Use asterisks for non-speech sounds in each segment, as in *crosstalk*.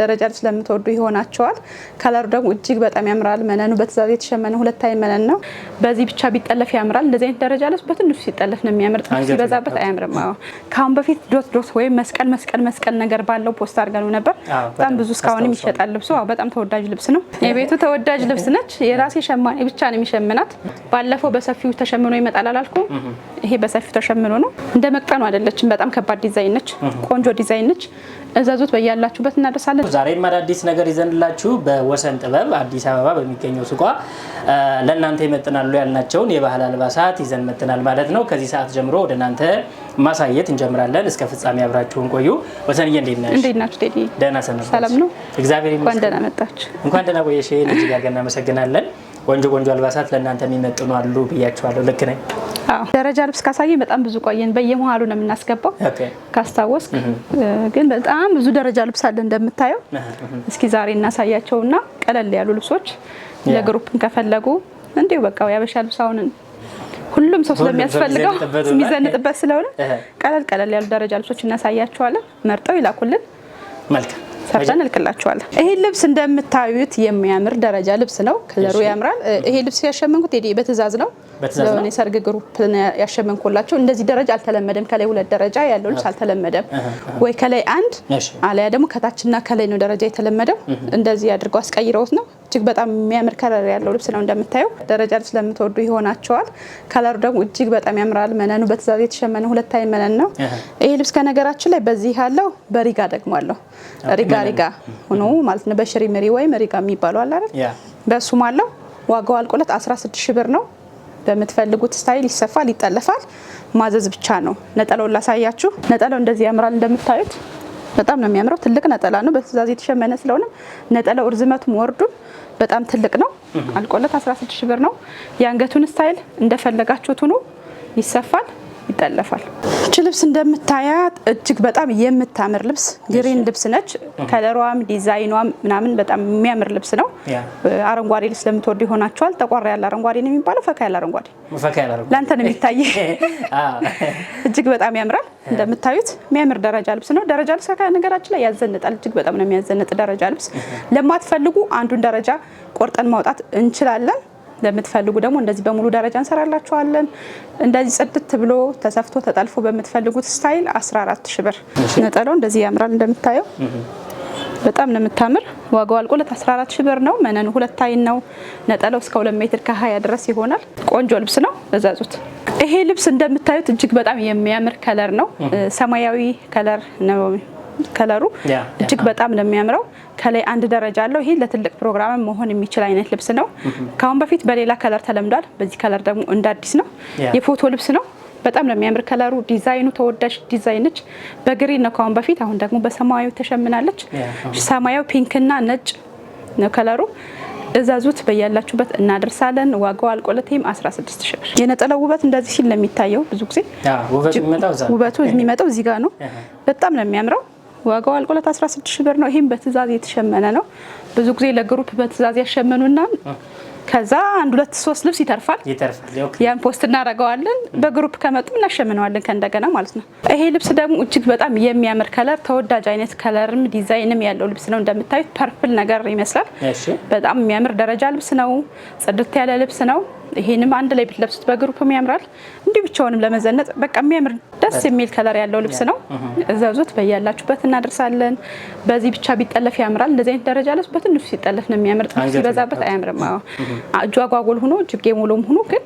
ደረጃ ስለምትወዱ ይሆናቸዋል። ከለሩ ደግሞ እጅግ በጣም ያምራል። መነኑ በትእዛዝ የተሸመነ ሁለት አይ መነን ነው። በዚህ ብቻ ቢጠለፍ ያምራል። እንደዚህ አይነት ደረጃ ልብስ በትንሹ ሲጠለፍ ነው የሚያምር። ጥንሽ ሲበዛበት አያምርም። ከአሁን በፊት ዶት ዶት ወይም መስቀል መስቀል መስቀል ነገር ባለው ፖስት አድርገነው ነበር። በጣም ብዙ እስካሁንም ይሸጣል ልብሱ። በጣም ተወዳጅ ልብስ ነው። የቤቱ ተወዳጅ ልብስ ነች። የራሴ ሸማኔ ብቻ ነው የሚሸምናት። ባለፈው በሰፊው ተሸምኖ ይመጣል አላልኩም? ይሄ በሰፊው ተሸምኖ ነው። እንደ መቅጠኑ አይደለችም። በጣም ከባድ ዲዛይን ነች። ቆንጆ ዲዛይን ነች። እዘዙት። በያላችሁበት እናደርሳለን። ዛሬም አዳዲስ ነገር ይዘንላችሁ በወሰን ጥበብ አዲስ አበባ በሚገኘው ሱቋ ለእናንተ ይመጥናሉ ያልናቸውን የባህል አልባሳት ይዘን መጥናል ማለት ነው። ከዚህ ሰዓት ጀምሮ ወደ እናንተ ማሳየት እንጀምራለን። እስከ ፍጻሜ አብራችሁን ቆዩ። ወሰንዬ እንዴት ነሽ? እንዴት ናችሁ? ደህና ሰላም ነው? እግዚአብሔር እንኳን ደህና መጣችሁ። እንኳን ደህና ቆየሽ። እጅግ እናመሰግናለን። ቆንጆ ቆንጆ አልባሳት ለእናንተ የሚመጥኑ አሉ ብያችኋለሁ። ልክ ነኝ? ደረጃ ልብስ ካሳየ በጣም ብዙ ቆየን። በየመሀሉ ነው የምናስገባው ካስታወስክ። ግን በጣም ብዙ ደረጃ ልብስ አለ እንደምታየው። እስኪ ዛሬ እናሳያቸው እና ቀለል ያሉ ልብሶች ለግሩፕን ከፈለጉ እንዲሁ በቃ ያበሻ ልብስ አሁንን ሁሉም ሰው ስለሚያስፈልገው የሚዘንጥበት ስለሆነ ቀለል ቀለል ያሉ ደረጃ ልብሶች እናሳያቸዋለን። መርጠው ይላኩልን፣ ሰርተን እልክላቸዋለን። ይሄ ልብስ እንደምታዩት የሚያምር ደረጃ ልብስ ነው። ከለሩ ያምራል። ይሄ ልብስ ያሸመንኩት በትእዛዝ ነው ስለሆነ የሰርግ ግሩፕ ያሸመንኮላቸው እንደዚህ ደረጃ አልተለመደም። ከላይ ሁለት ደረጃ ያለው ልብስ አልተለመደም። ወይ ከላይ አንድ አለያ ደግሞ ከታችና ከላይ ነው ደረጃ የተለመደው። እንደዚህ አድርገው አስቀይረውት ነው። እጅግ በጣም የሚያምር ከለር ያለው ልብስ ነው። እንደምታየው ደረጃ ልብስ ለምትወዱ ይሆናቸዋል። ከለሩ ደግሞ እጅግ በጣም ያምራል። መነኑ በትእዛዝ የተሸመነ ሁለት አይ መነን ነው ይሄ ልብስ። ከነገራችን ላይ በዚህ ያለው በሪጋ ደግሞ አለው። ሪጋ ሪጋ ሆኖ ማለት ነው። በሽሪ ምሪ ወይም ሪጋ የሚባለው አለ አይደል? በሱም አለው። ዋጋው አልቆለት 16 ሺ ብር ነው። በምትፈልጉት ስታይል ይሰፋል፣ ይጠለፋል። ማዘዝ ብቻ ነው። ነጠላውን ላሳያችሁ። ነጠላው እንደዚህ ያምራል። እንደምታዩት በጣም ነው የሚያምረው። ትልቅ ነጠላ ነው። በትእዛዝ የተሸመነ ስለሆነ ነጠላው እርዝመቱም ወርዱም በጣም ትልቅ ነው። አልቆለት 16 ሺ ብር ነው። የአንገቱን ስታይል እንደፈለጋችሁት ሁኑ፣ ይሰፋል ይጠለፋል። እች ልብስ እንደምታያት እጅግ በጣም የምታምር ልብስ ግሪን ልብስ ነች። ከለሯም ዲዛይኗም ምናምን በጣም የሚያምር ልብስ ነው። አረንጓዴ ልብስ ለምትወዱ ይሆናቸዋል። ጠቋር ያለ አረንጓዴ ነው የሚባለው፣ ፈካ ያለ አረንጓዴ ለአንተ ነው የሚታይ። *laughs* እጅግ በጣም ያምራል። እንደምታዩት የሚያምር ደረጃ ልብስ ነው። ደረጃ ልብስ ነገራችን ላይ ያዘንጣል። እጅግ በጣም ነው የሚያዘንጥ ደረጃ ልብስ። ለማትፈልጉ አንዱን ደረጃ ቆርጠን ማውጣት እንችላለን። ለምትፈልጉ ደግሞ እንደዚህ በሙሉ ደረጃ እንሰራላችኋለን። እንደዚህ ጽድት ብሎ ተሰፍቶ ተጠልፎ በምትፈልጉት ስታይል 14 ሺ ብር። ነጠላው እንደዚህ ያምራል እንደምታየው በጣም ነው የምታምር። ዋጋው አልቆለት 14 ሺህ ብር ነው። መነን ሁለት አይን ነው። ነጠላው እስከ 2 ሜትር ከ20 ድረስ ይሆናል። ቆንጆ ልብስ ነው። እዛዙት። ይሄ ልብስ እንደምታዩት እጅግ በጣም የሚያምር ከለር ነው። ሰማያዊ ከለር ነው ከለሩ እጅግ በጣም ነው የሚያምረው። ከላይ አንድ ደረጃ አለው። ይሄ ለትልቅ ፕሮግራም መሆን የሚችል አይነት ልብስ ነው። ከአሁን በፊት በሌላ ከለር ተለምዷል። በዚህ ከለር ደግሞ እንደ አዲስ ነው። የፎቶ ልብስ ነው። በጣም ነው የሚያምር ከለሩ። ዲዛይኑ ተወዳጅ ዲዛይን ነች። በግሪን ነው ከአሁን በፊት። አሁን ደግሞ በሰማያዊ ተሸምናለች። ሰማያዊ ፒንክና ነጭ ነው ከለሩ። እዛዙት በያላችሁበት እናደርሳለን። ዋጋው አልቆለቴም 16 ሺህ ብር። የነጠላው ውበት እንደዚህ ሲል ነው ብዙ ጊዜ ውበቱ የሚመጣው እዚህ ጋር ነው። በጣም ነው የሚያምረው። ዋጋው አልቆለት 16 ብር ነው። ይህም በትዛዝ የተሸመነ ነው። ብዙ ጊዜ ለግሩፕ በትዕዛዝ ያሸመኑና ከዛ አንድ ሁለት ሶስት ልብስ ይተርፋል። ያን ፖስት እናደርገዋለን። በግሩፕ ከመጡ እናሸምነዋለን ከእንደገና ማለት ነው። ይሄ ልብስ ደግሞ እጅግ በጣም የሚያምር ከለር፣ ተወዳጅ አይነት ከለርም ዲዛይንም ያለው ልብስ ነው። እንደምታዩት ፐርፕል ነገር ይመስላል። በጣም የሚያምር ደረጃ ልብስ ነው። ጽድት ያለ ልብስ ነው። ይሄንም አንድ ላይ ብትለብሱት በግሩፕም ያምራል። እንዲሁ ብቻውንም ለመዘነጥ በቃ የሚያምር ደስ የሚል ከለር ያለው ልብስ ነው። እዘዙት፣ በያላችሁበት እናደርሳለን። በዚህ ብቻ ቢጠለፍ ያምራል። እንደዚህ አይነት ደረጃ ልብስ በትንሹ ሲጠለፍ ነው የሚያምር፣ ጥልፍ ሲበዛበት አያምርም። እጁ አጓጉል ሆኖ እጅጌ ሙሉም ሆኖ ግን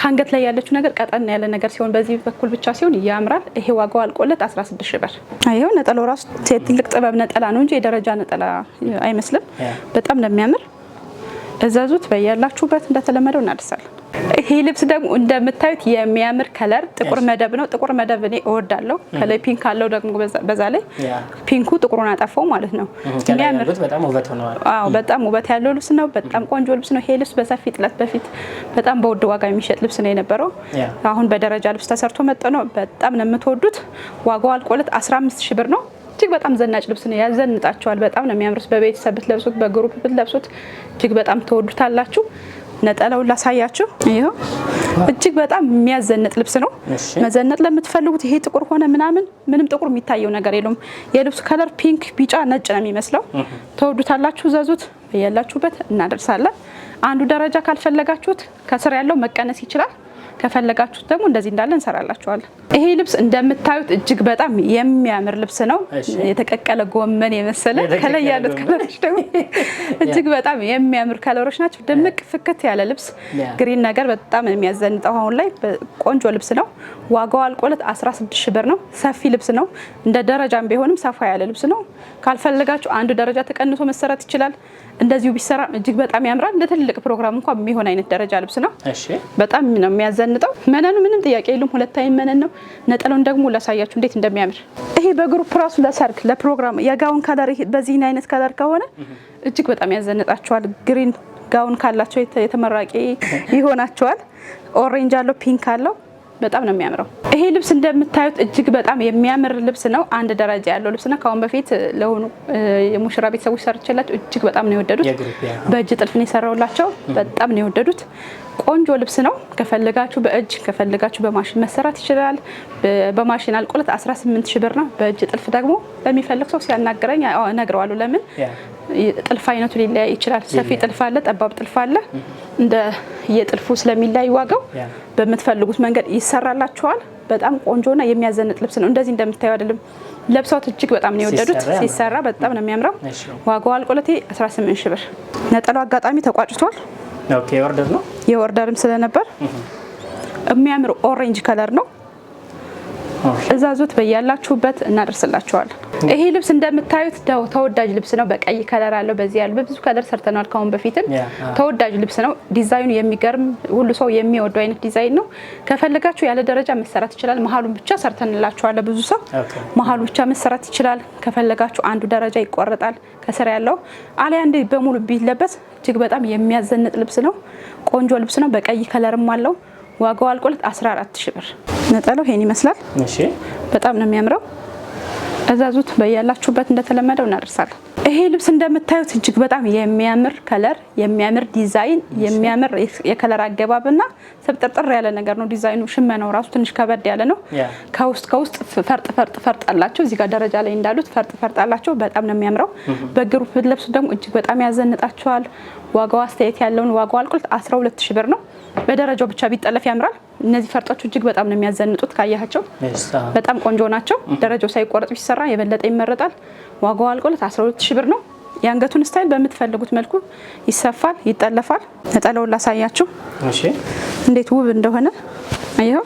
ከአንገት ላይ ያለችው ነገር ቀጠን ያለ ነገር ሲሆን በዚህ በኩል ብቻ ሲሆን ያምራል። ይሄ ዋጋው አልቆለት 16 ሺህ ብር። ይኸው ነጠላው ራሱ ትልቅ ጥበብ ነጠላ ነው እንጂ የደረጃ ነጠላ አይመስልም። በጣም ነው የሚያምር። እዘዙት በያላችሁበት እንደተለመደው እናደርሳለን። ይሄ ልብስ ደግሞ እንደምታዩት የሚያምር ከለር ጥቁር መደብ ነው። ጥቁር መደብ እኔ እወዳለሁ። mm-hmm. ከላይ ፒንክ አለው ደግሞ በዛ ላይ ፒንኩ ጥቁሩን አጠፋው ማለት ነው። mm-hmm. mm-hmm. በጣም ውበት ያለው ልብስ ነው። በጣም ቆንጆ ልብስ ነው። ይሄ ልብስ በሰፊ ጥለት በፊት በጣም በውድ ዋጋ የሚሸጥ ልብስ ነው የነበረው። አሁን በደረጃ ልብስ ተሰርቶ መጥቶ ነው። በጣም ነው የምትወዱት። ዋጋው አልቆለት 15 ሺ ብር ነው። እጅግ በጣም ዘናጭ ልብስ ነው። ያዘንጣቸዋል። በጣም ነው የሚያምሩት። በቤተሰብ ብትለብሱት፣ በግሩፕ ብትለብሱት እጅግ በጣም ትወዱታላችሁ። ነጠላውን ላሳያችሁ። ይኸው እጅግ በጣም የሚያዘነጥ ልብስ ነው። መዘነጥ ለምትፈልጉት ይሄ ጥቁር ሆነ ምናምን ምንም ጥቁር የሚታየው ነገር የለውም። የልብሱ ከለር ፒንክ፣ ቢጫ፣ ነጭ ነው የሚመስለው። ተወዱታላችሁ፣ ዘዙት። ያላችሁበት እናደርሳለን። አንዱ ደረጃ ካልፈለጋችሁት ከስር ያለው መቀነስ ይችላል። ከፈለጋችሁት ደግሞ እንደዚህ እንዳለ እንሰራላችኋለን። ይሄ ልብስ እንደምታዩት እጅግ በጣም የሚያምር ልብስ ነው። የተቀቀለ ጎመን የመሰለ ከላይ ያሉት ከለሮች ደግሞ *laughs* እጅግ በጣም የሚያምር ከለሮች ናቸው። ድምቅ ፍክት ያለ ልብስ ግሪን ነገር በጣም የሚያዘንጠው አሁን ላይ ቆንጆ ልብስ ነው። ዋጋው አልቆለት 16 ሺ ብር ነው። ሰፊ ልብስ ነው። እንደ ደረጃም ቢሆንም ሰፋ ያለ ልብስ ነው። ካልፈለጋችሁ አንዱ ደረጃ ተቀንሶ መሰራት ይችላል። እንደዚሁ ቢሰራ እጅግ በጣም ያምራል። እንደ ትልቅ ፕሮግራም እንኳ የሚሆን አይነት ደረጃ ልብስ ነው። በጣም ነው የሚያዘንጠው። መነኑ ምንም ጥያቄ የለም፣ ሁለታዊ መነን ነው። ነጠላውን ደግሞ ላሳያችሁ እንዴት እንደሚያምር ይሄ በግሩፕ ራሱ ለሰርግ ለፕሮግራም የጋውን ከለር በዚህን አይነት ከለር ከሆነ እጅግ በጣም ያዘንጣቸዋል ግሪን ጋውን ካላቸው የተመራቂ ይሆናቸዋል። ኦሬንጅ አለው፣ ፒንክ አለው በጣም ነው የሚያምረው። ይሄ ልብስ እንደምታዩት እጅግ በጣም የሚያምር ልብስ ነው። አንድ ደረጃ ያለው ልብስ ነው። ከአሁን በፊት ለሆኑ የሙሽራ ቤተሰቦች ሰርችላቸው እጅግ በጣም ነው የወደዱት። በእጅ ጥልፍ ነው የሰራውላቸው። በጣም ነው የወደዱት። ቆንጆ ልብስ ነው። ከፈልጋችሁ በእጅ ከፈልጋችሁ በማሽን መሰራት ይችላል። በማሽን አልቆለት 18 ሺህ ብር ነው። በእጅ ጥልፍ ደግሞ ለሚፈልግ ሰው ሲያናግረኝ እነግረዋለሁ። ለምን ጥልፍ አይነቱ ሊለያይ ይችላል። ሰፊ ጥልፍ አለ፣ ጠባብ ጥልፍ አለ። እንደ የጥልፉ ስለሚለያይ ዋጋው በምትፈልጉት መንገድ ይሰራላችኋል። በጣም ቆንጆና የሚያዘንጥ ልብስ ነው። እንደዚህ እንደምታየው አይደለም። ለብሰውት እጅግ በጣም ነው የወደዱት። ሲሰራ በጣም ነው የሚያምረው። ዋጋው አልቆለቴ 18 ሺህ ብር። ነጠላው አጋጣሚ ተቋጭቷል። ኦኬ፣ የኦርደር ነው የኦርደርም ስለነበር የሚያምር ኦሬንጅ ከለር ነው። እዛዙት በያላችሁበት እናደርስላችኋለን። ይሄ ልብስ እንደምታዩት ተወዳጅ ልብስ ነው። በቀይ ከለር አለው። በዚህ ያለው በብዙ ከለር ሰርተናል ከአሁን በፊትም ተወዳጅ ልብስ ነው። ዲዛይኑ የሚገርም ሁሉ ሰው የሚወደው አይነት ዲዛይን ነው። ከፈለጋችሁ ያለ ደረጃ መሰራት ይችላል። መሀሉን ብቻ ሰርተንላችኋለ። ብዙ ሰው መሀሉ ብቻ መሰራት ይችላል። ከፈለጋችሁ አንዱ ደረጃ ይቆረጣል ከስር ያለው አሊያ አንድ በሙሉ ቢለበስ እጅግ በጣም የሚያዘንጥ ልብስ ነው። ቆንጆ ልብስ ነው። በቀይ ከለርም አለው። ዋጋው አልቆለት 14 ሺ ብር። ነጠለው ይሄን ይመስላል። በጣም ነው የሚያምረው። እዘዙት። በያላችሁበት እንደተለመደው እናደርሳለን። ይሄ ልብስ እንደምታዩት እጅግ በጣም የሚያምር ከለር፣ የሚያምር ዲዛይን፣ የሚያምር የከለር አገባብ እና ስብጥርጥር ያለ ነገር ነው። ዲዛይኑ ሽመናው ራሱ ትንሽ ከበድ ያለ ነው። ከውስጥ ከውስጥ ፈርጥ ፈርጥ ፈርጥ አላቸው። እዚህ ጋር ደረጃ ላይ እንዳሉት ፈርጥ ፈርጥ አላቸው። በጣም ነው የሚያምረው። በግሩፕ ለብሱ ደግሞ እጅግ በጣም ያዘንጣቸዋል። ዋጋው አስተያየት ያለውን ዋጋው አልቆልት 12 ሺህ ብር ነው። በደረጃው ብቻ ቢጠለፍ ያምራል። እነዚህ ፈርጦች እጅግ በጣም ነው የሚያዘንጡት። ካያቸው በጣም ቆንጆ ናቸው። ደረጃው ሳይቆረጥ ቢሰራ የበለጠ ይመረጣል። ዋጋው አልቆልት 12 ሺህ ብር ነው። የአንገቱን ስታይል በምትፈልጉት መልኩ ይሰፋል፣ ይጠለፋል። ነጠላውን ላሳያችሁ እንዴት ውብ እንደሆነ ይኸው።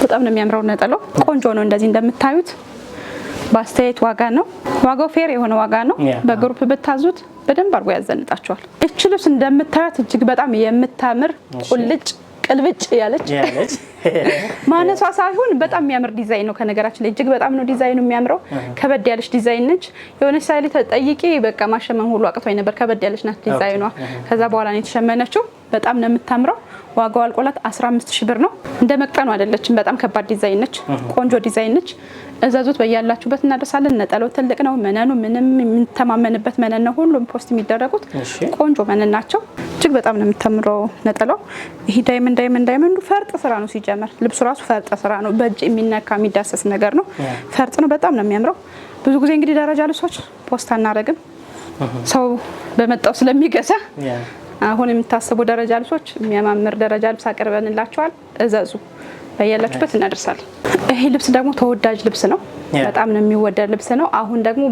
በጣም ነው የሚያምረው ነጠላው፣ ቆንጆ ነው። እንደዚህ እንደምታዩት በአስተያየት ዋጋ ነው። ዋጋው ፌር የሆነ ዋጋ ነው። በግሩፕ ብታዙት በደንብ አድርጎ ያዘንጣቸዋል። እች ልብስ እንደምታዩት እጅግ በጣም የምታምር ቁልጭ ቅልብጭ ያለች *laughs* ማነሷ ሳይሆን በጣም የሚያምር ዲዛይን ነው። ከነገራችን ላይ እጅግ በጣም ነው ዲዛይኑ የሚያምረው። ከበድ ያለች ዲዛይን ነች። የሆነ ሳይል ተጠይቄ በቃ ማሸመን ሁሉ አቅቷኝ ነበር። ከበድ ያለች ናት ዲዛይኗ። ከዛ በኋላ ነው የተሸመነችው። በጣም ነው የምታምረው። ዋጋው አልቆላት 15 ሺ ብር ነው። እንደ መቅጠኑ አይደለችም። በጣም ከባድ ዲዛይን ነች። ቆንጆ ዲዛይን ነች። እዘዙት። በያላችሁበት እናደርሳለን። ነጠለው ትልቅ ነው። መነኑ ምንም የምንተማመንበት መነን ነው። ሁሉም ፖስት የሚደረጉት ቆንጆ መነን ናቸው። እጅግ በጣም ነው የምታምረው ነጠላው። ይሄ ዳይመንድ ዳይመንድ ዳይመንዱ ፈርጥ ስራ ነው። ሲጀመር ልብሱ ራሱ ፈርጥ ስራ ነው። በእጅ የሚነካ የሚዳሰስ ነገር ነው። ፈርጥ ነው። በጣም ነው የሚያምረው። ብዙ ጊዜ እንግዲህ ደረጃ ልብሶች ፖስት አናደርግም፣ ሰው በመጣው ስለሚገዛ አሁን የምታስቡ ደረጃ ልብሶች የሚያማምር ደረጃ ልብስ አቅርበንላቸዋል። እዘዙ። በያላችሁበት እናደርሳለን። ይሄ ልብስ ደግሞ ተወዳጅ ልብስ ነው። በጣም ነው የሚወደድ ልብስ ነው። አሁን ደግሞ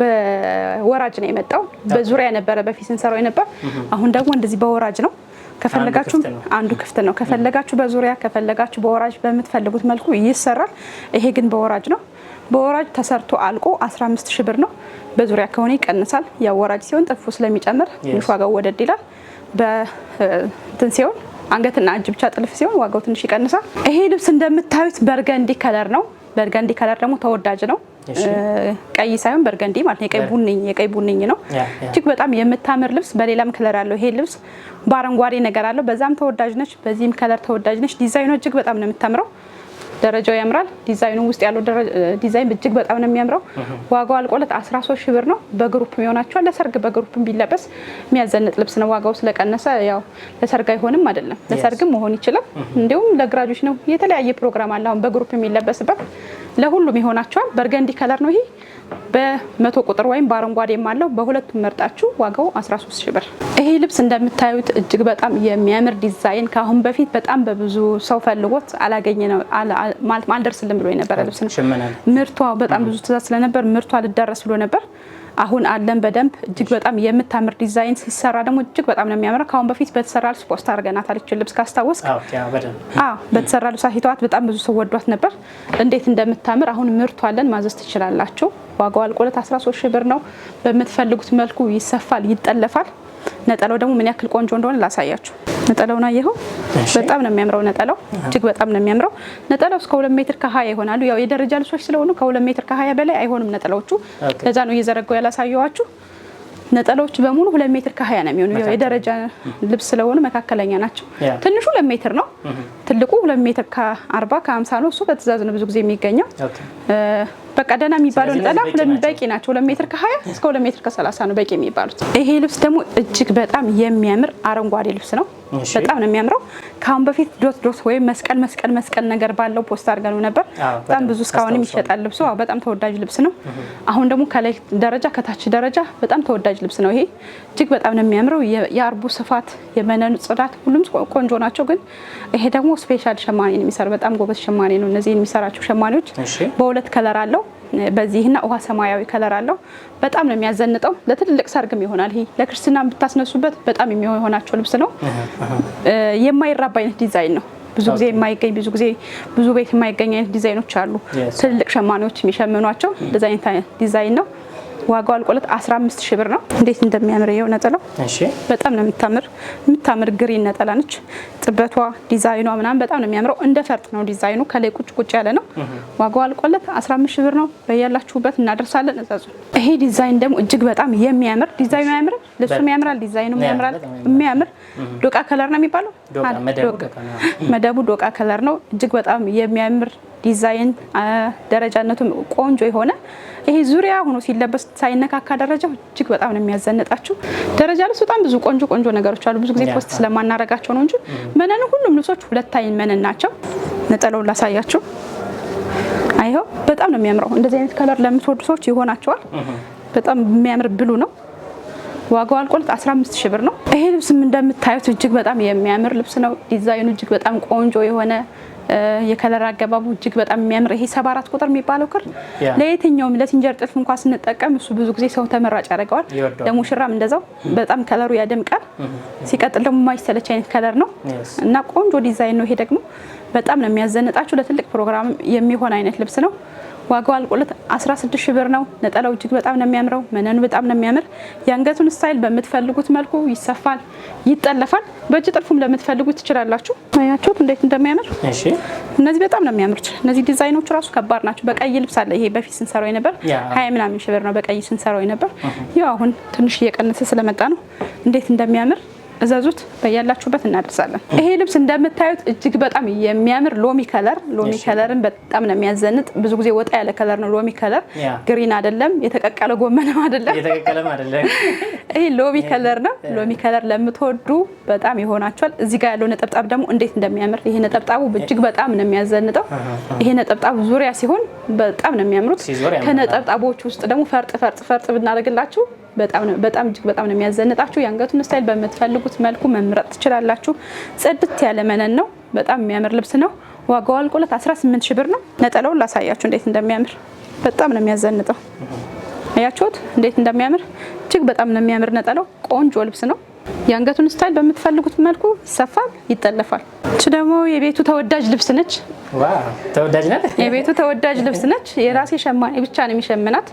በወራጅ ነው የመጣው። በዙሪያ ነበረ በፊት ስንሰራው የነበር፣ mm-hmm. አሁን ደግሞ እንደዚህ በወራጅ ነው። ከፈለጋችሁ አንዱ ክፍት ነው። ከፈለጋችሁ በዙሪያ ከፈለጋችሁ በወራጅ በምትፈልጉት መልኩ ይሰራል። ይሄ ግን በወራጅ ነው። በወራጅ ተሰርቶ አልቆ 15 ሺ ብር ነው። በዙሪያ ከሆነ ይቀንሳል። ያው ወራጅ ሲሆን ጥፉ ስለሚጨምር ትንሽ ዋጋው ወደድ ይላል። በትን ሲሆን አንገትና እጅ ብቻ ጥልፍ ሲሆን ዋጋው ትንሽ ይቀንሳል። ይሄ ልብስ እንደምታዩት በርገንዲ ከለር ነው። በርገንዲ ከለር ደግሞ ተወዳጅ ነው። ቀይ ሳይሆን በርገንዲ ማለት የቀይ ቡኒ የቀይ ቡኒኝ ነው። እጅግ በጣም የምታምር ልብስ በሌላም ከለር አለው። ይሄ ልብስ በአረንጓዴ ነገር አለው። በዛም ተወዳጅ ነች፣ በዚህም ከለር ተወዳጅ ነች። ዲዛይኑ እጅግ በጣም ነው የምታምረው። ደረጃው ያምራል። ዲዛይኑ ውስጥ ያለው ዲዛይን እጅግ በጣም ነው የሚያምረው። ዋጋው አልቆለት 13 ሺህ ብር ነው። በግሩፕ ይሆናቸዋል። ለሰርግ በግሩፕ ቢለበስ የሚያዘንጥ ልብስ ነው። ዋጋው ስለቀነሰ ያው ለሰርግ አይሆንም አይደለም፣ ለሰርግም መሆን ይችላል። እንዲሁም ለግራጆች ነው። የተለያየ ፕሮግራም አለ። አሁን በግሩፕ የሚለበስበት ለሁሉም ይሆናቸዋል። በርገንዲ ከለር ነው ይሄ በመቶ ቁጥር ወይም በአረንጓዴም አለው በሁለቱም መርጣችሁ ዋጋው 13 ሺ ብር። ይሄ ልብስ እንደምታዩት እጅግ በጣም የሚያምር ዲዛይን ከአሁን በፊት በጣም በብዙ ሰው ፈልጎት አላገኘ ነው ማለት አልደርስልን ብሎ የነበረ ልብስ ነው። ምርቷ በጣም ብዙ ትእዛዝ ስለነበር ምርቷ ልዳረስ ብሎ ነበር አሁን አለን በደንብ እጅግ በጣም የምታምር ዲዛይን ሲሰራ ደግሞ እጅግ በጣም ነው የሚያምረው። ከአሁን በፊት በተሰራ ልብስ ፖስት አድርገናት አለችን ልብስ ካስታወስክ፣ በተሰራ ልብስ አሂተዋት በጣም ብዙ ሰው ወዷት ነበር። እንዴት እንደምታምር አሁን ምርቱ አለን፣ ማዘዝ ትችላላችሁ። ዋጋው አልቆለት 13 ሺህ ብር ነው። በምትፈልጉት መልኩ ይሰፋል፣ ይጠለፋል። ነጠላው ደግሞ ምን ያክል ቆንጆ እንደሆነ ላሳያችሁ። ነጠላውን አየኸው? በጣም ነው የሚያምረው ነጠላው፣ እጅግ በጣም ነው የሚያምረው ነጠላው። እስከ ሁለት ሜትር ከሀያ ይሆናሉ። ያው የደረጃ ልብሶች ስለሆኑ ከሁለት ሜትር ከሀያ በላይ አይሆንም ነጠላዎቹ። ለዛ ነው እየዘረጋው ያላሳየዋችሁ። ነጠላዎች በሙሉ ሁለት ሜትር ከሀያ ነው የሚሆኑ የደረጃ ልብስ ስለሆኑ መካከለኛ ናቸው። ትንሹ ሁለት ሜትር ነው፣ ትልቁ ሁለት ሜትር ከአርባ ከሀምሳ ነው። እሱ በትእዛዝ ነው ብዙ ጊዜ የሚገኘው። በቃ ደህና የሚባለው ነጠላ በቂ ናቸው። ሁለት ሜትር ከሀያ እስከ ሁለት ሜትር ከሰላሳ ነው በቂ የሚባሉት። ይሄ ልብስ ደግሞ እጅግ በጣም የሚያምር አረንጓዴ ልብስ ነው። በጣም ነው የሚያምረው። ከአሁን በፊት ዶት ዶት ወይም መስቀል መስቀል መስቀል ነገር ባለው ፖስት አድርገነው ነበር። በጣም ብዙ እስካሁንም ይሸጣል ልብሱ። በጣም ተወዳጅ ልብስ ነው። አሁን ደግሞ ከላይ ደረጃ ከታች ደረጃ በጣም ተወዳጅ ልብስ ነው። ይሄ እጅግ በጣም ነው የሚያምረው። የአርቡ ስፋት፣ የመነኑ ጽዳት፣ ሁሉም ቆንጆ ናቸው። ግን ይሄ ደግሞ ስፔሻል ሸማኔ ነው የሚሰራ። በጣም ጎበዝ ሸማኔ ነው እነዚህ የሚሰራቸው ሸማኔዎች። በሁለት ከለር አለው በዚህና ውሃ ሰማያዊ ከለር አለው። በጣም ነው የሚያዘንጠው። ለትልልቅ ሰርግም ይሆናል። ይሄ ለክርስትና ብታስነሱበት በጣም የሚሆን የሆናቸው ልብስ ነው። የማይራባ አይነት ዲዛይን ነው። ብዙ ጊዜ የማይገኝ ብዙ ጊዜ ብዙ ቤት የማይገኝ አይነት ዲዛይኖች አሉ። ትልልቅ ሸማኔዎች የሚሸምኗቸው እንደዚ አይነት ዲዛይን ነው። ዋጋው አልቆለት 15 ሺህ ብር ነው። እንዴት እንደሚያምር የው ነጠላው በጣም ነው የምታምር የምታምር ግሪን ነጠላ ነች። ጥበቷ ዲዛይኗ ምናምን በጣም ነው የሚያምረው። እንደ ፈርጥ ነው ዲዛይኑ ከላይ ቁጭ ቁጭ ያለ ነው። ዋጋው አልቆለት 15 ሺህ ብር ነው። በያላችሁበት እናደርሳለን። እዛዙ ይሄ ዲዛይን ደግሞ እጅግ በጣም የሚያምር ዲዛይኑ ያምራል፣ ልብሱም ያምራል፣ ዲዛይኑ ያምራል። የሚያምር ዶቃ ከለር ነው የሚባለው መደቡ ዶቃ ከለር ነው። እጅግ በጣም የሚያምር ዲዛይን ደረጃነቱ ቆንጆ የሆነ ይሄ ዙሪያ ሆኖ ሲለበስ ሳይነካካ ደረጃው እጅግ በጣም ነው የሚያዘንጣችሁ። ደረጃ ልብስ በጣም ብዙ ቆንጆ ቆንጆ ነገሮች አሉ። ብዙ ጊዜ ፖስት ስለማናረጋቸው ነው እንጂ መነን ሁሉም ልብሶች ሁለት አይን መነን ናቸው። ነጠላውን ላሳያችሁ። አይኸው በጣም ነው የሚያምረው። እንደዚህ አይነት ከለር ለምትወዱ ሰዎች ይሆናቸዋል። በጣም የሚያምር ብሉ ነው። ዋጋው አልቆለት 15 ሺህ ብር ነው። ይሄ ልብስም እንደምታዩት እጅግ በጣም የሚያምር ልብስ ነው። ዲዛይኑ እጅግ በጣም ቆንጆ የሆነ የከለር አገባቡ እጅግ በጣም የሚያምር ይሄ ሰባ አራት ቁጥር የሚባለው ክር ለየትኛውም ለሲንጀር ጥልፍ እንኳ ስንጠቀም እሱ ብዙ ጊዜ ሰው ተመራጭ ያደርገዋል። ለሙሽራም እንደዛው በጣም ከለሩ ያደምቃል። ሲቀጥል ደግሞ የማይሰለች አይነት ከለር ነው እና ቆንጆ ዲዛይን ነው። ይሄ ደግሞ በጣም ነው የሚያዘንጣችሁ። ለትልቅ ፕሮግራም የሚሆን አይነት ልብስ ነው። ዋጋው አልቆለት 16 ሺ ብር ነው። ነጠላው እጅግ በጣም ነው የሚያምረው። መነኑ በጣም ነው የሚያምር። የአንገቱን ስታይል በምትፈልጉት መልኩ ይሰፋል፣ ይጠለፋል። በእጅ ጥልፉም ለምትፈልጉት ትችላላችሁ። አያችሁት እንዴት እንደሚያምር? እሺ፣ እነዚህ በጣም ነው የሚያምሩት። እነዚህ ዲዛይኖች ራሱ ከባድ ናቸው። በቀይ ልብስ አለ። ይሄ በፊት ስንሰራው የነበር 20 ምናምን ሺህ ብር ነው በቀይ ስንሰራው የነበር። ያው አሁን ትንሽ እየቀነሰ ስለመጣ ነው እንዴት እንደሚያምር እዘዙት በያላችሁበት እናደርሳለን። ይሄ ልብስ እንደምታዩት እጅግ በጣም የሚያምር ሎሚ ከለር ሎሚ ከለርን በጣም ነው የሚያዘንጥ። ብዙ ጊዜ ወጣ ያለ ከለር ነው ሎሚ ከለር። ግሪን አይደለም፣ የተቀቀለ ጎመንም አይደለም። *laughs* ይሄ ሎሚ ከለር ነው። ሎሚ ከለር ለምትወዱ በጣም ይሆናቸዋል። እዚህ ጋር ያለው ነጠብጣብ ደግሞ እንዴት እንደሚያምር ይሄ ነጠብጣቡ እጅግ በጣም ነው የሚያዘንጠው። ይሄ ነጠብጣቡ ዙሪያ ሲሆን በጣም ነው የሚያምሩት። ከነጠብጣቦች ውስጥ ደግሞ ፈርጥ ፈርጥ ፈርጥ ብናደርግላችሁ በጣም እጅግ በጣም ነው የሚያዘንጣችሁ። የአንገቱን ስታይል በምትፈልጉት መልኩ መምረጥ ትችላላችሁ። ጽድት ያለ መነን ነው። በጣም የሚያምር ልብስ ነው። ዋጋው አልቆለት 18 ሺ ብር ነው። ነጠላውን ላሳያችሁ እንዴት እንደሚያምር በጣም ነው የሚያዘንጠው። አያችሁት እንዴት እንደሚያምር እጅግ በጣም ነው የሚያምር ነጠላው። ቆንጆ ልብስ ነው። የአንገቱን ስታይል በምትፈልጉት መልኩ ይሰፋል፣ ይጠለፋል። እች ደግሞ የቤቱ ተወዳጅ ልብስ ነች። የቤቱ ተወዳጅ ልብስ ነች። የራሴ ሸማኔ ብቻ ነው የሚሸምናት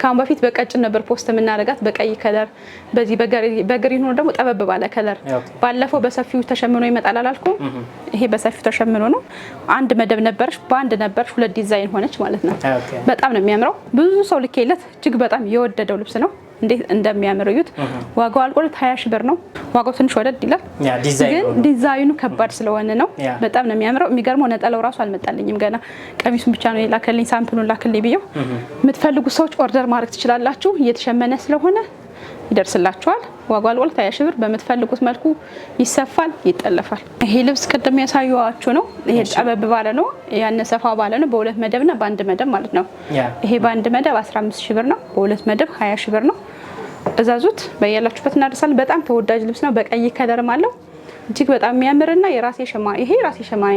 ከአሁን በፊት በቀጭን ነበር ፖስት የምናደርጋት በቀይ ከለር፣ በዚህ በግሪን ሆኖ ደግሞ ጠበብ ባለ ከለር። ባለፈው በሰፊው ተሸምኖ ይመጣል አላልኩ? ይሄ በሰፊው ተሸምኖ ነው። አንድ መደብ ነበረች፣ በአንድ ነበረች፣ ሁለት ዲዛይን ሆነች ማለት ነው። በጣም ነው የሚያምረው። ብዙ ሰው ልኬለት እጅግ በጣም የወደደው ልብስ ነው። እንዴት እንደሚያምር እዩት። ዋጋው አልቆለት ሀያ ብር ነው። ዋጋው ትንሽ ወደድ ይላል፣ ግን ዲዛይኑ ከባድ ስለሆነ ነው። በጣም ነው የሚያምረው። የሚገርመው ነጠላው ራሱ አልመጣልኝም ገና ቀሚሱን ብቻ ነው የላከልኝ። ሳምፕሉን ላክልኝ ብየው። የምትፈልጉ ሰዎች ኦርደር ማድረግ ትችላላችሁ። እየተሸመነ ስለሆነ ይደርስላችኋል። ዋጓልጓል ታያሽብር በምትፈልጉት መልኩ ይሰፋል፣ ይጠለፋል። ይሄ ልብስ ቅድም ያሳየኋችሁ ነው። ይሄ ጠበብ ባለ ነው፣ ያነ ሰፋ ባለ ነው። በሁለት መደብና በአንድ መደብ ማለት ነው። ይሄ በአንድ መደብ 15 ሽብር ብር ነው፣ በሁለት መደብ 20 ሽብር ብር ነው። እዛዙት በያላችሁበት እናደርሳለን። በጣም ተወዳጅ ልብስ ነው። በቀይ ከለርም አለው እጅግ በጣም የሚያምርና የራሴ ሸማ ይሄ የራሴ ሸማ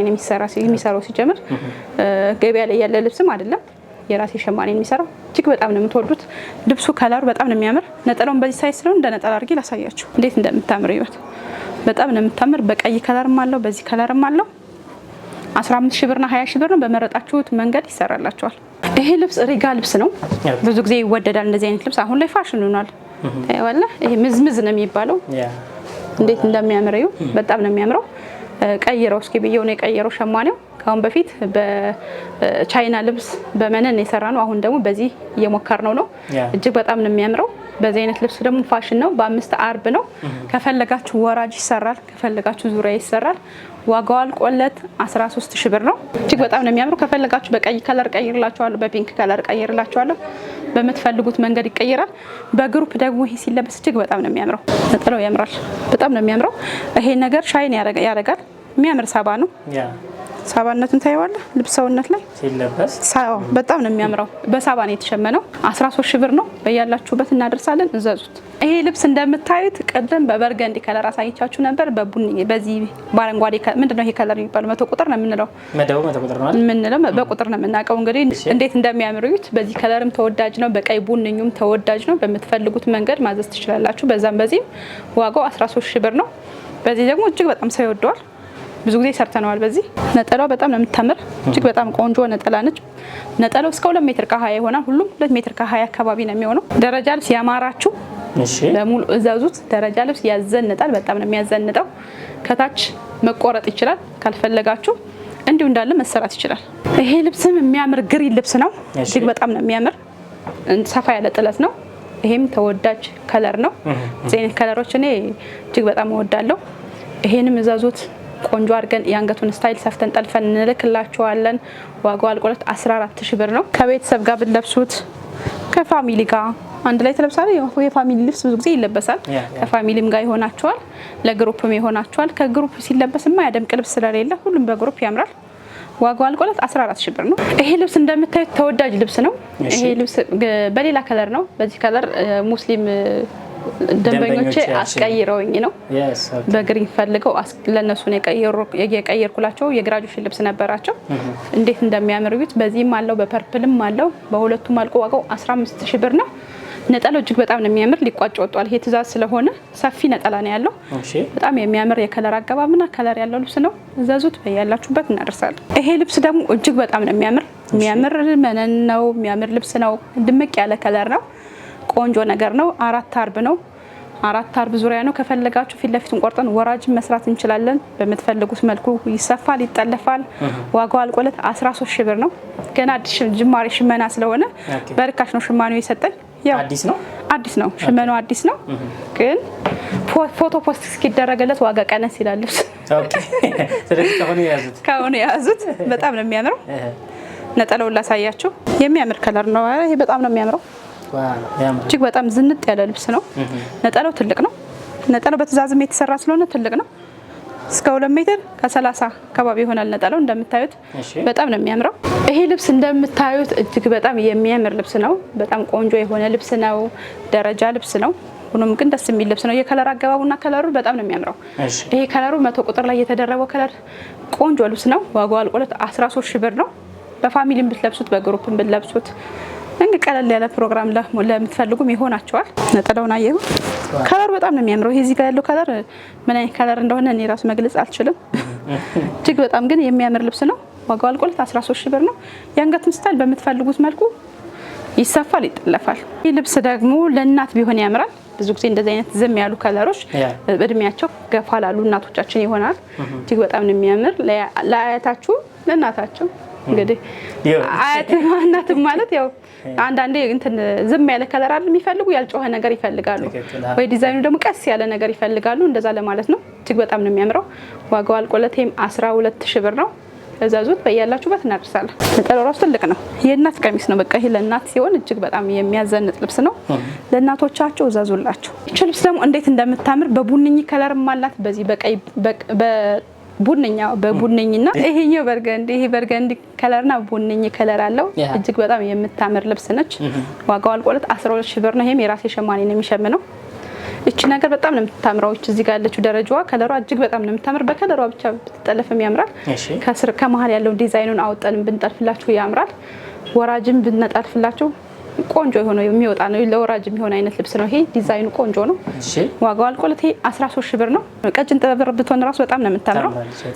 የሚሰራው ሲጀምር ገበያ ላይ ያለ ልብስም አይደለም። የራሴ ሸማኔ የሚሰራው እጅግ በጣም ነው የምትወዱት። ልብሱ ከለሩ በጣም ነው የሚያምር። ነጠላውን በዚህ ሳይዝ ስለሆን እንደ ነጠላ አድርጌ ላሳያችሁ እንዴት እንደምታምር ይወት። በጣም ነው የምታምር። በቀይ ከለርም አለው በዚህ ከለርም አለው። 15 ሺህ ብርና 20 ሺህ ብር ነው። በመረጣችሁት መንገድ ይሰራላችኋል። ይሄ ልብስ ሪጋ ልብስ ነው። ብዙ ጊዜ ይወደዳል። እንደዚህ አይነት ልብስ አሁን ላይ ፋሽን ሆኗል። ታይዋለ ይሄ ምዝምዝ ነው የሚባለው። እንዴት እንደሚያምር በጣም ነው የሚያምረው። ቀይረው እስኪ ብየው ነው የቀየረው ሸማኔው ከአሁን በፊት በቻይና ልብስ በመነን የሰራ ነው። አሁን ደግሞ በዚህ እየሞከር ነው ነው እጅግ በጣም ነው የሚያምረው። በዚህ አይነት ልብስ ደግሞ ፋሽን ነው። በአምስት አርብ ነው። ከፈለጋችሁ ወራጅ ይሰራል፣ ከፈለጋችሁ ዙሪያ ይሰራል። ዋጋው አልቆለት 13 ሺህ ብር ነው። እጅግ በጣም ነው የሚያምረው። ከፈለጋችሁ በቀይ ከለር ቀይርላችኋለሁ፣ በፒንክ ከለር ቀይርላችኋለሁ። በምትፈልጉት መንገድ ይቀይራል። በግሩፕ ደግሞ ይሄ ሲለበስ እጅግ በጣም ነው የሚያምረው። ነጥለው ያምራል። በጣም ነው የሚያምረው። ይሄ ነገር ሻይን ያደርጋል። የሚያምር ሰባ ነው። ሳባነቱን ታየዋለህ። ልብስ ሰውነት ላይ ሲለበስ በጣም ነው የሚያምረው። በሳባ ነው የተሸመነው። 13 ሺህ ብር ነው። በያላችሁበት እናደርሳለን፣ እዘዙት። ይሄ ልብስ እንደምታዩት ቅድም በበርገንዲ ከለር አሳይቻችሁ ነበር። በቡኒ በዚህ በአረንጓዴ ምንድነው ይሄ ከለር የሚባለው መቶ ቁጥር ነው የምንለው፣ ቁጥር ነው የምንለው። በቁጥር ነው የምናውቀው። እንግዲህ እንዴት እንደሚያምሩት። በዚህ ከለርም ተወዳጅ ነው፣ በቀይ ቡንኙም ተወዳጅ ነው። በምትፈልጉት መንገድ ማዘዝ ትችላላችሁ። በዛም በዚህም ዋጋው 13 ሺህ ብር ነው። በዚህ ደግሞ እጅግ በጣም ሰው ይወደዋል። ብዙ ጊዜ ሰርተነዋል። በዚህ ነጠላው በጣም ነው የምታምር፣ እጅግ በጣም ቆንጆ ነጠላ ነች። ነጠላው እስከ ሁለት ሜትር ከሀያ ይሆናል። ሁሉም ሁለት ሜትር ከሀያ አካባቢ ነው የሚሆነው። ደረጃ ልብስ ያማራችሁ በሙሉ እዘዙት። ደረጃ ልብስ ያዘንጣል፣ በጣም ነው የሚያዘንጠው። ከታች መቆረጥ ይችላል ካልፈለጋችሁ እንዲሁ እንዳለ መሰራት ይችላል። ይሄ ልብስም የሚያምር ግሪን ልብስ ነው። እጅግ በጣም ነው የሚያምር ሰፋ ያለ ጥለት ነው። ይሄም ተወዳጅ ከለር ነው። ዚህ አይነት ከለሮች እኔ እጅግ በጣም እወዳለሁ። ይሄንም እዘዙት ቆንጆ አድርገን የአንገቱን ስታይል ሰፍተን ጠልፈን እንልክላችኋለን። ዋጋው አልቆለት 14 ሺ ብር ነው። ከቤተሰብ ጋር ብንለብሱት ከፋሚሊ ጋር አንድ ላይ ተለብሳለ። የፋሚሊ ልብስ ብዙ ጊዜ ይለበሳል። ከፋሚሊም ጋር ይሆናቸዋል፣ ለግሩፕም ይሆናቸዋል። ከግሩፕ ሲለበስማ ያደምቅ ልብስ ስለሌለ ሁሉም በግሩፕ ያምራል። ዋጋው አልቆለት 14 ሺ ብር ነው። ይሄ ልብስ እንደምታዩት ተወዳጅ ልብስ ነው። ይሄ ልብስ በሌላ ከለር ነው። በዚህ ከለር ሙስሊም ደንበኞቼ አስቀይረውኝ ነው። በግሪን ፈልገው ለእነሱ የቀየርኩላቸው የግራጁዌሽን ልብስ ነበራቸው። mm-hmm. እንዴት እንደሚያምር በዚህም አለው በፐርፕልም አለው በሁለቱም አልቆ ዋጋው 15 ሺ ብር ነው። ነጠላው እጅግ በጣም ነው የሚያምር። ሊቋጭ ወጥቷል። ይሄ ትእዛዝ ስለሆነ ሰፊ ነጠላ ነው ያለው። በጣም የሚያምር የከለር አገባብና ከለር ያለው ልብስ ነው። እዘዙት፣ በያላችሁበት እናደርሳለን። ይሄ ልብስ ደግሞ እጅግ በጣም ነው የሚያምር። የሚያምር መነን ነው። የሚያምር ልብስ ነው። ድምቅ ያለ ከለር ነው። ቆንጆ ነገር ነው። አራት አርብ ነው። አራት አርብ ዙሪያ ነው። ከፈለጋችሁ ፊት ለፊቱን ቆርጠን ወራጅን መስራት እንችላለን። በምትፈልጉት መልኩ ይሰፋል፣ ይጠለፋል። ዋጋው አልቆለት 13 ሺህ ብር ነው። ገና አዲስ ጅማሬ ሽመና ስለሆነ በርካሽ ነው ሽማኔው የሰጠን። አዲስ ነው አዲስ ነው ሽመኑ አዲስ ነው፣ ግን ፎቶ ፖስት እስኪደረገለት ዋጋ ቀነስ ይላል። ስለዚህ ከአሁኑ የያዙት በጣም ነው የሚያምረው። ነጠላውን ላሳያችሁ። የሚያምር ከለር ነው። ይሄ በጣም ነው የሚያምረው። እጅግ በጣም ዝንጥ ያለ ልብስ ነው። ነጠላው ትልቅ ነው። ነጠላው በትእዛዝም የተሰራ ስለሆነ ትልቅ ነው። እስከ ሁለት ሜትር ከሰላሳ አካባቢ ይሆናል ነጠላው። እንደምታዩት በጣም ነው የሚያምረው ይሄ ልብስ እንደምታዩት እጅግ በጣም የሚያምር ልብስ ነው። በጣም ቆንጆ የሆነ ልብስ ነው። ደረጃ ልብስ ነው። ሆኖም ግን ደስ የሚል ልብስ ነው። የከለር አገባቡና ከለሩ በጣም ነው የሚያምረው። ይሄ ከለሩ መቶ ቁጥር ላይ የተደረበው ከለር ቆንጆ ልብስ ነው። ዋጋው አልቆለት 13 ሺህ ብር ነው። በፋሚሊ ብትለብሱት፣ በግሩፕ ብትለብሱት እንግዲህ ቀለል ያለ ፕሮግራም ለምትፈልጉም ይሆናቸዋል። ነጠላውን አየሁ። ከለር በጣም ነው የሚያምረው። ይሄ እዚህ ጋር ያለው ከለር ምን አይነት ከለር እንደሆነ እኔ ራሱ መግለጽ አልችልም። እጅግ በጣም ግን የሚያምር ልብስ ነው። ዋጋው አልቆለት 13 ሺህ ብር ነው። የአንገትም ስታይል በምትፈልጉት መልኩ ይሰፋል፣ ይጠለፋል። ይህ ልብስ ደግሞ ለእናት ቢሆን ያምራል። ብዙ ጊዜ እንደዚህ አይነት ዝም ያሉ ከለሮች እድሜያቸው ገፋ ላሉ እናቶቻችን ይሆናል። እጅግ በጣም ነው የሚያምር። ለአያታችሁ ለእናታቸው እንግዲህ አያት እናትም ማለት ያው አንዳንዴ እንትን ዝም ያለ ከለር አይደል የሚፈልጉ ያልጮኸ ነገር ይፈልጋሉ፣ ወይ ዲዛይኑ ደግሞ ቀስ ያለ ነገር ይፈልጋሉ። እንደዛ ለማለት ነው። እጅግ በጣም ነው የሚያምረው። ዋጋው አልቆለቴም 12 ሺ ብር ነው። እዛዙት በያላችሁበት እናደርሳለን። ነጠላ ራሱ ትልቅ ነው። የእናት ቀሚስ ነው። በቃ ይሄ ለእናት ሲሆን እጅግ በጣም የሚያዘንጥ ልብስ ነው። ለእናቶቻቸው እዛዙላቸው። ይች ልብስ ደግሞ እንዴት እንደምታምር በቡንኝ ከለርም አላት በዚህ በቀይ ቡነኛ በቡነኝና ይሄኛው በርገንዲ ይሄ በርገንዲ ከለርና ቡነኝ ከለር አለው። እጅግ በጣም የምታምር ልብስ ነች። ዋጋው አልቆለት 12 ሺህ ብር ነው። ይሄም የራሴ ሸማኔ ነው የሚሸምነው። እቺ ነገር በጣም ነው የምታምረው። እቺ እዚህ ጋር ያለችው ደረጃዋ ከለሯ እጅግ በጣም ነው የምታምር። በከለሯ ብቻ ብትጠለፍም ያምራል። ከስር ከመሀል ያለው ዲዛይኑን አውጠን ብንጠልፍላችሁ ያምራል። ወራጅም ብንጠልፍላችሁ ቆንጆ የሆነ የሚወጣ ነው። ለወራጅ የሚሆን አይነት ልብስ ነው። ይሄ ዲዛይኑ ቆንጆ ነው። ዋጋው አልቆለት ይሄ 13 ሺ ብር ነው። ቀጭን ጥበብ ብትሆን ራሱ በጣም ነው የምታምረው።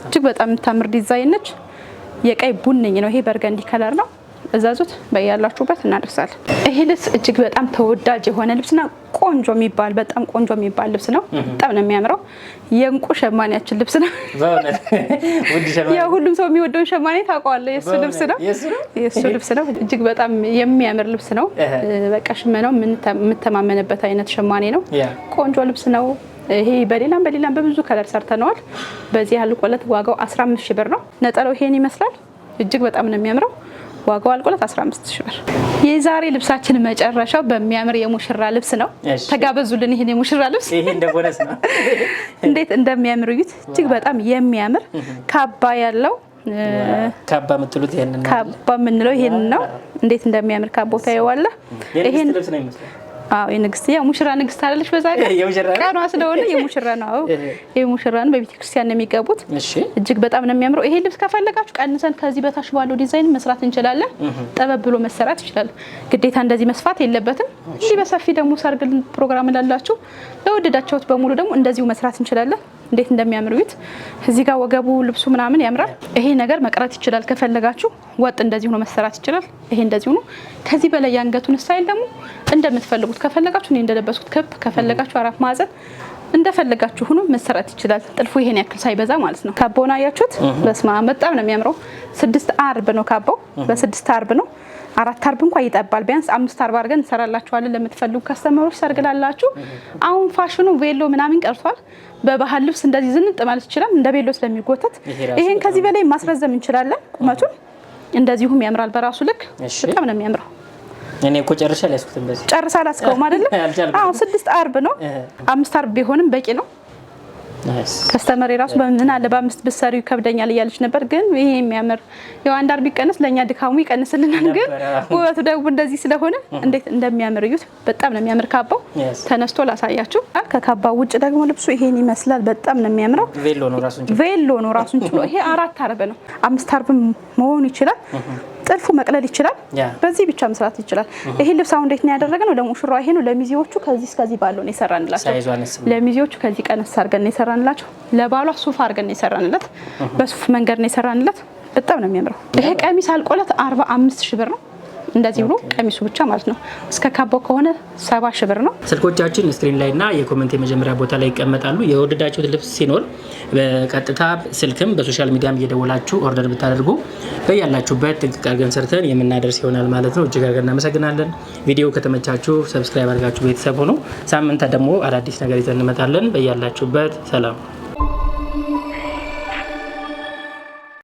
እጅግ በጣም የምታምር ዲዛይን ነች። የቀይ ቡንኝ ነው። ይሄ በርገንዲ ከለር ነው። እዘዙት በያላችሁበት እናደርሳለን። ይሄ ልብስ እጅግ በጣም ተወዳጅ የሆነ ልብስና ቆንጆ የሚባል በጣም ቆንጆ የሚባል ልብስ ነው። በጣም ነው የሚያምረው። የእንቁ ሸማኔያችን ልብስ ነው። ሁሉም ሰው የሚወደውን ሸማኔ ታውቀዋለህ። የእሱ ልብስ ነው። የእሱ ልብስ ነው። እጅግ በጣም የሚያምር ልብስ ነው። በቃ ሽመናው የምተማመንበት አይነት ሸማኔ ነው። ቆንጆ ልብስ ነው። ይሄ በሌላም በሌላም በብዙ ከለር ሰርተነዋል። በዚህ ያህል ቆለት ዋጋው 15 ሺ ብር ነው። ነጠለው ይሄን ይመስላል። እጅግ በጣም ነው የሚያምረው። ዋጋው አልቆለት 15 ሺ ብር። የዛሬ ልብሳችን መጨረሻው በሚያምር የሙሽራ ልብስ ነው። ተጋበዙልን ይህን የሙሽራ ልብስ *laughs* እንዴት እንደሚያምር እዩት። እጅግ በጣም የሚያምር ካባ ያለው ካባ የምትሉት ይሄንን ነው። ካባ የምንለው ይሄንን ነው። እንዴት እንደሚያምር ካቦታ ይዋለ ይሄን ልብስ ነው አዎ የንግስት ያው ሙሽራ ንግስት አይደለሽ። በዛ ቀኗ ስለሆነ የሙሽራ ነው። የሙሽራ ነው። በቤተ ክርስቲያን ነው የሚገቡት። እጅግ በጣም ነው የሚያምረው። ይሄ ልብስ ከፈለጋችሁ ቀንሰን ከዚህ በታች ባለው ዲዛይን መስራት እንችላለን። ጠበብ ብሎ መሰራት ይችላል። ግዴታ እንደዚህ መስፋት የለበትም። እንዲህ በሰፊ ደግሞ ሰርግ ፕሮግራም ላላችሁ ለወደዳችሁት በሙሉ ደግሞ እንደዚሁ መስራት እንችላለን። እንዴት እንደሚያምር እዚህ ጋር ወገቡ ልብሱ ምናምን ያምራል። ይሄ ነገር መቅረት ይችላል ከፈለጋችሁ፣ ወጥ እንደዚህ ሆኖ መሰራት ይችላል። ይሄ እንደዚህ ሆኖ ከዚህ በላይ ያንገቱን ስታይል ደግሞ እንደምትፈልጉት ከፈለጋችሁ እኔ እንደለበስኩት ክብ ከፈለጋችሁ አራት ማዕዘን እንደፈለጋችሁ ሁኑ መሰራት ይችላል። ጥልፉ ይሄን ያክል ሳይበዛ ማለት ነው። ካቦና አያችሁት? በስማ በጣም ነው የሚያምረው። ስድስት አርብ ነው ካባው፣ በስድስት አርብ ነው። አራት አርብ እንኳን ይጠባል። ቢያንስ አምስት አርብ አድርገን እንሰራላችኋለን ለምትፈልጉ ከስተመሮች፣ ሰርግላላችሁ። አሁን ፋሽኑ ቬሎ ምናምን ቀርቷል። በባህል ልብስ እንደዚህ ዝንጥ ማለት ይችላል፣ እንደ ቬሎ ስለሚጎተት ይሄን ከዚህ በላይ ማስረዘም እንችላለን። ቁመቱን እንደዚሁም ያምራል በራሱ ልክ። በጣም ነው የሚያምረው። እኔ እኮ ጨርሻ አልያዝኩትም። በዚህ ጨርሳ አላስከውም አይደለ? አዎ፣ ስድስት አርብ ነው። አምስት አርብ ቢሆንም በቂ ነው። ከስተመር የራሱ ምን አለ በአምስት ብትሰሪው ይከብደኛል እያለች ነበር። ግን ይሄ የሚያምር ያው አንድ አርብ ይቀንስ ለእኛ ድካሙ ይቀንስልናል። ግን ውበቱ ደግሞ እንደዚህ ስለሆነ እንዴት እንደሚያምር እዩት። በጣም ነው የሚያምር ካባው። ተነስቶ ላሳያችሁ። ከካባው ውጭ ደግሞ ልብሱ ይሄን ይመስላል። በጣም ነው የሚያምረው። ቬሎ ነው ራሱን ችሎ። ይሄ አራት አርብ ነው። አምስት አርብ መሆን ይችላል። ጥልፉ መቅለል ይችላል። በዚህ ብቻ መስራት ይችላል። ይሄ ልብስ አሁን እንዴት ነው ያደረግነው? ለሙሽራው ይሄ ነው። ለሚዜዎቹ ከዚህ እስከዚህ ባለው ነው የሰራንላቸው። ለሚዜዎቹ ከዚህ ቀነስ አድርገን ነው የሰራንላቸው። ለባሏ ሱፍ አድርገን ነው የሰራንለት። በሱፍ መንገድ ነው የሰራንለት። በጣም ነው የሚያምረው። ይሄ ቀሚስ አልቆለት 45 ሺህ ብር ነው። እንደዚህ ብሎ ቀሚሱ ብቻ ማለት ነው። እስከ ካቦ ከሆነ ሰባ ሺ ብር ነው። ስልኮቻችን ስክሪን ላይ እና የኮመንት የመጀመሪያ ቦታ ላይ ይቀመጣሉ። የወደዳችሁት ልብስ ሲኖር በቀጥታ ስልክም በሶሻል ሚዲያም እየደወላችሁ ኦርደር ብታደርጉ በያላችሁበት ጥንቅቅ አድርገን ሰርተን የምናደርስ ይሆናል ማለት ነው። እጅግ አድርገን እናመሰግናለን። ቪዲዮ ከተመቻችሁ ሰብስክራይብ አድርጋችሁ ቤተሰብ ሆኖ ሳምንት ደግሞ አዳዲስ ነገር ይዘን እንመጣለን። በያላችሁበት ሰላም